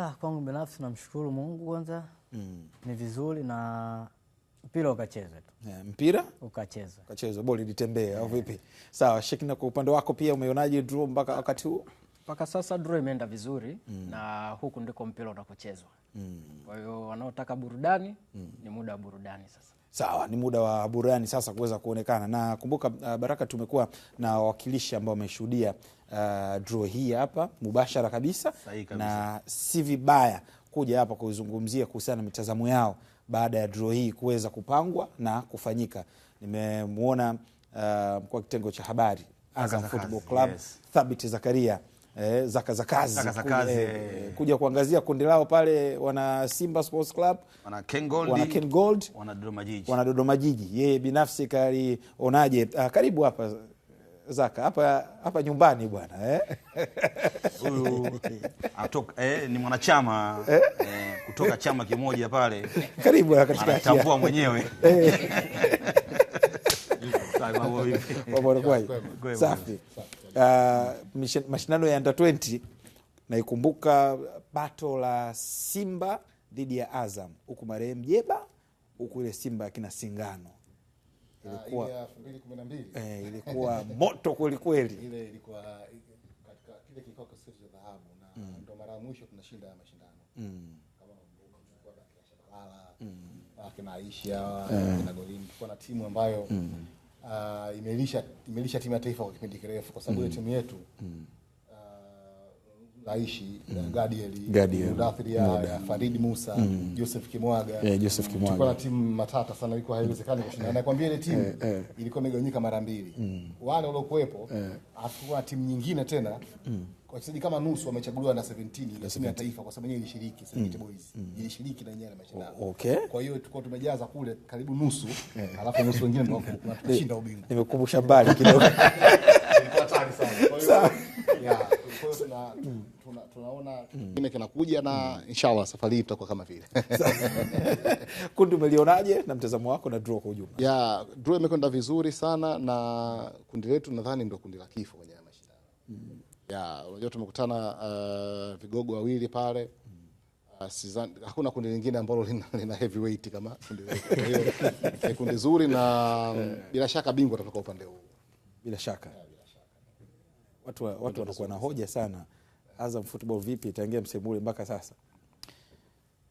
Ah, kwangu binafsi namshukuru Mungu kwanza mm. Ni vizuri na mpira ukachezwe tu yeah, mpira ukachezwa ukachezwa, boli litembee au eh. Vipi? Sawa Shekina, kwa upande wako pia umeonaje draw mpaka wakati huu? Mpaka sasa draw imeenda vizuri mm. na huku ndiko mpira unakochezwa mm. Kwa hiyo wanaotaka burudani mm. ni muda wa burudani sasa. Sawa, ni muda wa burani sasa kuweza kuonekana na kumbuka, uh, Baraka, tumekuwa na wawakilishi ambao wameshuhudia uh, draw hii hapa mubashara kabisa, kabisa, na si vibaya kuja hapa kuzungumzia kuhusiana na mitazamo yao baada ya draw hii kuweza kupangwa na kufanyika. Nimemwona uh, wa kitengo cha habari Azam Football Club yes, Thabit Zakaria eh, zaka za kazi zaka za kazi kuja, eh, kuja kuangazia kundi lao pale, wana Simba Sports Club, wana Ken Gold, wana Ken Gold, wana Dodoma Jiji, wana Dodoma Jiji. Yeye binafsi kalionaje? Ah, karibu hapa Zaka hapa hapa nyumbani bwana eh? Huyu atoka eh, ni mwanachama eh? Eh, kutoka chama kimoja pale, karibu eh, katika anatambua mwenyewe eh. Safi uh, mashindano ya nda 20 naikumbuka bato la Simba dhidi ya Azam huku marehemu Jeba huku ile Simba akina Singano ilikuwa, ah, eh, ilikuwa moto kwelikweli kina mm. mm. mm. Aisha mm. na timu ambayo mm uh, imelisha imelisha timu ya taifa kwa kipindi kirefu kwa sababu mm. timu yetu mm. Ah, Aishi yeah. Mm. Gadiel ah, Farid Musa mm. Joseph Kimwaga yeah, Joseph Kimwaga tulikuwa na timu matata sana, ilikuwa haiwezekani kushinda. Nakwambia ile timu eh, eh. ilikuwa imegawanyika mara mbili mm. wale waliokuwepo eh. hatukuwa na timu nyingine tena mm wachezaji kama nusu wamechaguliwa na 17 ile timu ya taifa, kwa sababu yenyewe ilishiriki Serengeti mm. Boys mm. ilishiriki na yenyewe na mashindano. Okay, kwa hiyo tulikuwa tumejaza kule karibu nusu, eh. alafu nusu wengine ndio wakashinda ubingwa. Nimekumbusha mbali kidogo, ilikuwa tani sana. Kwa hiyo yeah, tuna mm. tuna tunaona mm. kingine kinakuja na inshallah safari hii itakuwa kama vile. Kundi umelionaje na mtazamo wako na draw kwa ujumla? Yeah, draw imekwenda vizuri sana na kundi letu nadhani ndio kundi la kifo kwenye mashindano. mm ya unajua tumekutana uh, vigogo wawili pale uh, mm. ah, sizan, hakuna kundi lingine ambalo lina, lina heavyweight kama kundi eh, kundi zuri na mm, eh. bila shaka bingwa atatoka upande huu bila shaka watu watu wanakuwa na hoja sana Azam Football vipi itaingia msimu ule mpaka sasa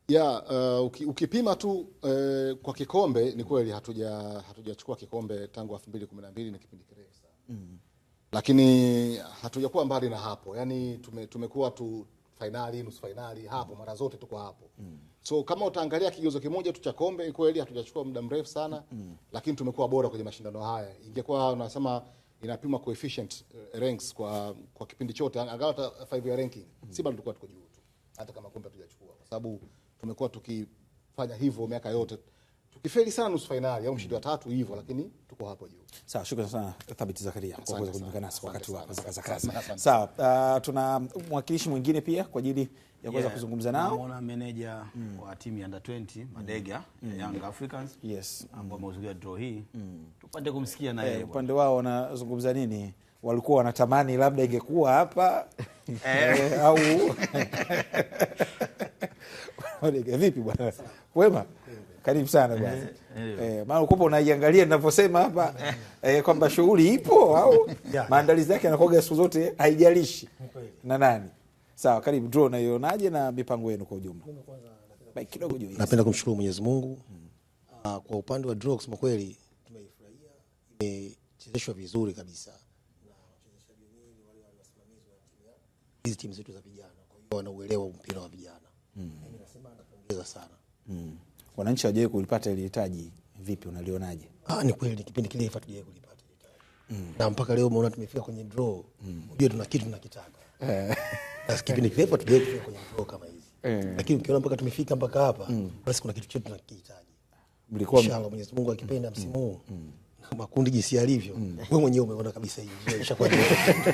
ya yeah, uh, ukipima tu uh, kwa kikombe ni kweli hatuja hatujachukua kikombe tangu 2012 na kipindi kirefu sana mm lakini hatujakuwa mbali na hapo, yani tume, tumekuwa tu fainali, nusu fainali hapo, mara zote tuko hapo mm. So kama utaangalia kigezo kimoja tu cha kombe, kweli hatujachukua muda mrefu sana mm. Lakini tumekuwa bora kwenye mashindano haya. Ingekuwa unasema inapimwa coefficient eh, ranks kwa kwa kipindi chote, angalau hata 5 year ranking mm. si bado tulikuwa tuko juu tu, hata kama kombe hatujachukua, kwa sababu tumekuwa tukifanya hivyo miaka yote mm tukifeli sana nusu fainali au mshindi wa tatu hivyo, lakini tuko hapo juu. Sawa, shukrani sana Thabiti Zakaria kwa kuweza kujumuika nasi wakati wa kaza kazi. Sawa, uh, tuna mwakilishi mwingine pia kwa ajili ya kuweza yeah, kuzungumza nao. Naona meneja mm. wa timu ya under 20 mm. Madega mm. mm. Young Africans yes, ambao wamehudhuria draw hii mm. tupate kumsikia naye hey, eh, upande wao wanazungumza nini, walikuwa wanatamani labda ingekuwa hapa eh. Eh, au vipi bwana wema karibu sana eh, bwana eh. eh, maana ukopo unaiangalia ninavyosema hapa eh, eh kwamba shughuli ipo au maandalizi yake anakoga siku zote, haijalishi na nani. Sawa, karibu draw, unaionaje na mipango yenu kwa ujumla? napenda kumshukuru Mwenyezi Mungu hmm. Kwa upande wa draw, kusema kweli tumeifurahia, imechezeshwa vizuri kabisa hizi timu zetu za vijana, kwa hiyo wanauelewa mpira wa vijana, hmm. yaani nasema anapongeza sana hmm wananchi hawajawahi kulipata ile hitaji, vipi unalionaje? Ah, ni kweli kipindi kile hatujawahi kulipata ile hitaji. mm. na mpaka leo umeona tumefika kwenye draw mm. Unajua tuna kitu tunakitaka eh. na kipindi kile hatujawahi kufika kwenye draw kama hizi eh. Lakini ukiona mpaka tumefika mpaka hapa mm. basi kuna kitu chetu tunakihitaji. Mlikuwa inshallah, Mwenyezi Mungu akipenda msimu mm. huu mm makundi jinsi yalivyo mm. Wewe mwenyewe umeona kabisa hivi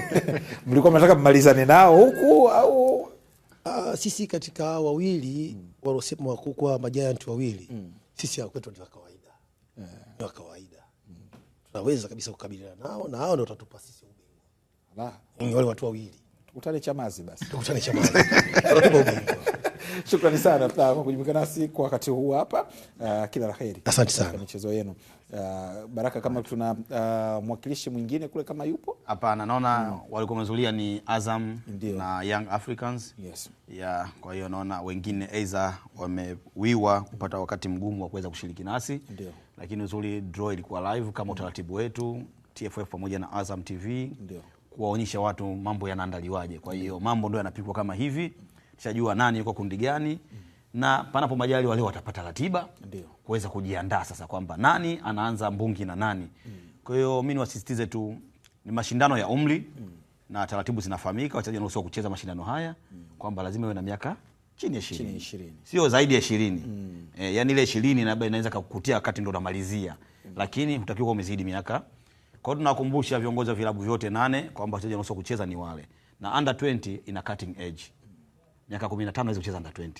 mlikuwa mnataka mmalizane nao huku au Uh, sisi katika wawili mm. walosema wakukwa kwa wawili mm. sisi kwetu ni wa kawaida yeah. ni wa kawaida mm. tunaweza kabisa kukabiliana nao na hao ndio watatupa sisi ubingwa. Wale watu wawili tukutane Chamazi basi, tukutane Chamazi watatupa ubingwa Shukrani sana uh, kwa kujumuika nasi kwa wakati huu hapa. Uh, kila la heri, asante sana michezo yenu. Uh, Baraka, kama tuna uh, mwakilishi mwingine kule kama yupo? Hapana, naona hmm, walikuwa wamezulia ni Azam Indeed, na Young Africans yes. Yeah, kwa hiyo naona wengine aidha wamewiwa kupata wakati mgumu wa kuweza kushiriki nasi Indeed, lakini uzuri draw ilikuwa live kama hmm. utaratibu wetu TFF pamoja na Azam TV Indeed, kuwaonyesha watu mambo yanaandaliwaje. Kwa hiyo mambo ndo yanapikwa kama hivi tushajua nani yuko kundi gani mm. na panapo majali wale watapata ratiba kuweza kujiandaa sasa kwamba nani anaanza mbungi na nani mm. kwa hiyo mi niwasisitize tu ni mashindano ya umri mm. na taratibu zinafahamika wachezaji wanaruhusiwa kucheza mashindano haya mm. kwamba lazima iwe na miaka chini ya ishirini sio zaidi ya ishirini mm. e, yani ile ishirini labda inaweza kakukutia wakati ndo unamalizia mm. lakini hutakiwa umezidi miaka kwa hiyo tunawakumbusha viongozi wa vilabu vyote nane kwamba wachezaji wanaruhusiwa kucheza ni wale na under 20 ina cutting edge miaka 15 awezi kucheza under 20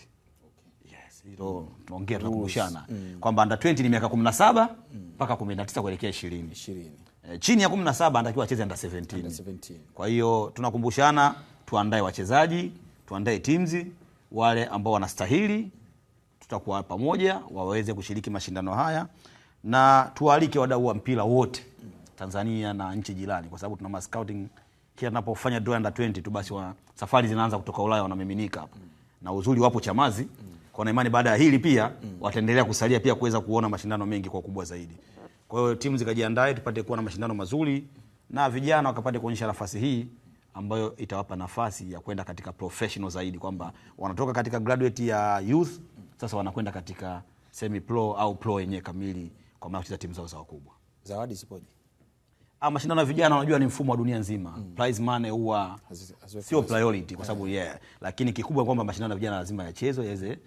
hilo tunaongea tunakumbushana mm. kwamba anda 20 ni miaka 17 mm. mpaka 19 kuelekea 20. 20. E, chini ya 17 anatakiwa acheze anda 17. 17. Kwa hiyo tunakumbushana tuandae wachezaji, tuandae teams wale ambao wanastahili tutakuwa pamoja waweze kushiriki mashindano haya na tuwaalike wadau wa mpira wote mm. Tanzania na nchi jirani kwa sababu tuna scouting kila napofanya draw under 20 tu basi wa safari zinaanza kutoka Ulaya wanamiminika hapa mm. na uzuri wapo Chamazi mm. kwa na imani baada ya hili pia mm. wataendelea kusalia pia kuweza kuona mashindano mengi kwa kubwa zaidi. Kwa hiyo timu zikajiandae tupate kuwa na mashindano mazuri na vijana wakapate kuonyesha nafasi hii ambayo itawapa nafasi ya kwenda katika professional zaidi, kwamba wanatoka katika graduate ya youth sasa wanakwenda katika semi pro au pro yenyewe kamili, kwa maana kucheza timu zao za wakubwa. Zawadi zipoje? Ah, mashindano ya vijana unajua ni mfumo wa dunia nzima mm. prize money huwa sio priority kwa sababu yeah. yeah. lakini kikubwa kwamba mashindano ya vijana lazima yachezwe yaweze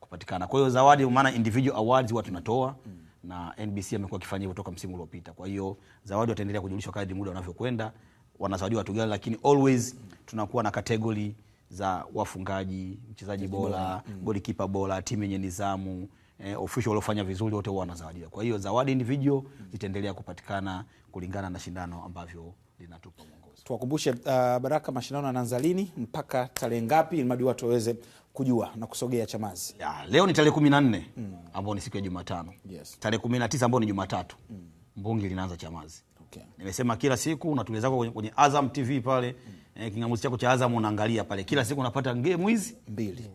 kupatikana. Kwa hiyo zawadi, maana individual awards huwa tunatoa mm. na NBC amekuwa akifanya hivyo toka msimu uliopita. Kwa hiyo zawadi wataendelea kujulishwa kadri muda unavyokwenda, wanazawadiwa watu gani, lakini always mm. tunakuwa na kategori za wafungaji, mchezaji bora, mm. goalkeeper bora, timu yenye nidhamu eh, official waliofanya vizuri wote huwa wanazawadiwa. Kwa hiyo zawadi individual zitaendelea kupatikana kulingana na shindano ambavyo linatupa mwongozo. Tuwakumbushe uh, Baraka, mashindano yanaanza lini mpaka tarehe ngapi, ili watu waweze kujua na kusogea Chamazi? Ya, leo ni tarehe kumi na nne mm. ambayo ni siku ya Jumatano yes. tarehe kumi na tisa ni Jumatatu mm. mbungi linaanza Chamazi. Okay. Nimesema kila siku unatulia zako kwenye, kwenye Azam TV pale mm. eh, kingamuzi chako cha Azam unaangalia pale kila siku unapata ngemu hizi mbili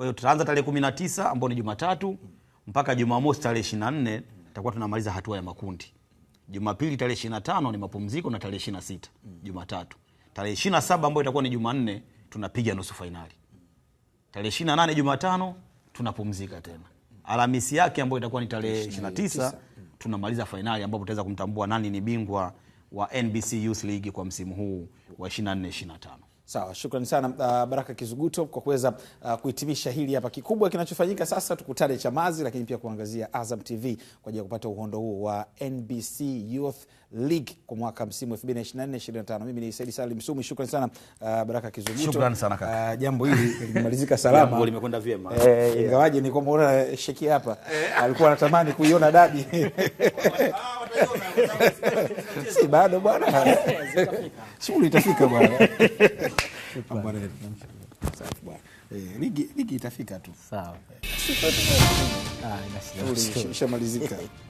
kwa hiyo tutaanza tarehe kumi na tisa ambayo ni Jumatatu mpaka Jumamosi tarehe ishirini na nne tutakuwa tunamaliza hatua ya makundi. Jumapili tarehe ishirini na tano ni mapumziko na tarehe ishirini na sita Jumatatu. Tarehe ishirini na saba ambayo itakuwa ni Jumanne tunapiga nusu fainali. Tarehe ishirini na nane Jumatano tunapumzika tena. Alhamisi yake ambayo itakuwa ni tarehe ishirini na tisa tunamaliza fainali ambapo tutaweza kumtambua nani ni bingwa wa NBC Youth League kwa msimu huu wa 24 25. Sawa, shukrani sana uh, Baraka Kizuguto kwa kuweza uh, kuhitimisha hili hapa. Kikubwa kinachofanyika sasa, tukutane Chamazi, lakini pia kuangazia Azam TV kwa ajili ya kupata uhondo huo wa NBC Youth League kwa mwaka msimu 2425 Mimi ni saidi Salim msumi shukrani sana uh, Baraka Kizuguto. Shukrani sana kaka. Uh, jambo hili limemalizika salama. Jambo limekwenda vyema. Eh, ingawaje ni kwamba unaona sheki hapa eh. alikuwa anatamani kuiona dadi Si bado bwana. Eh, Shughuli itafika bwana. Eh, ligi itafika tu, sawa, ah, shamalizika.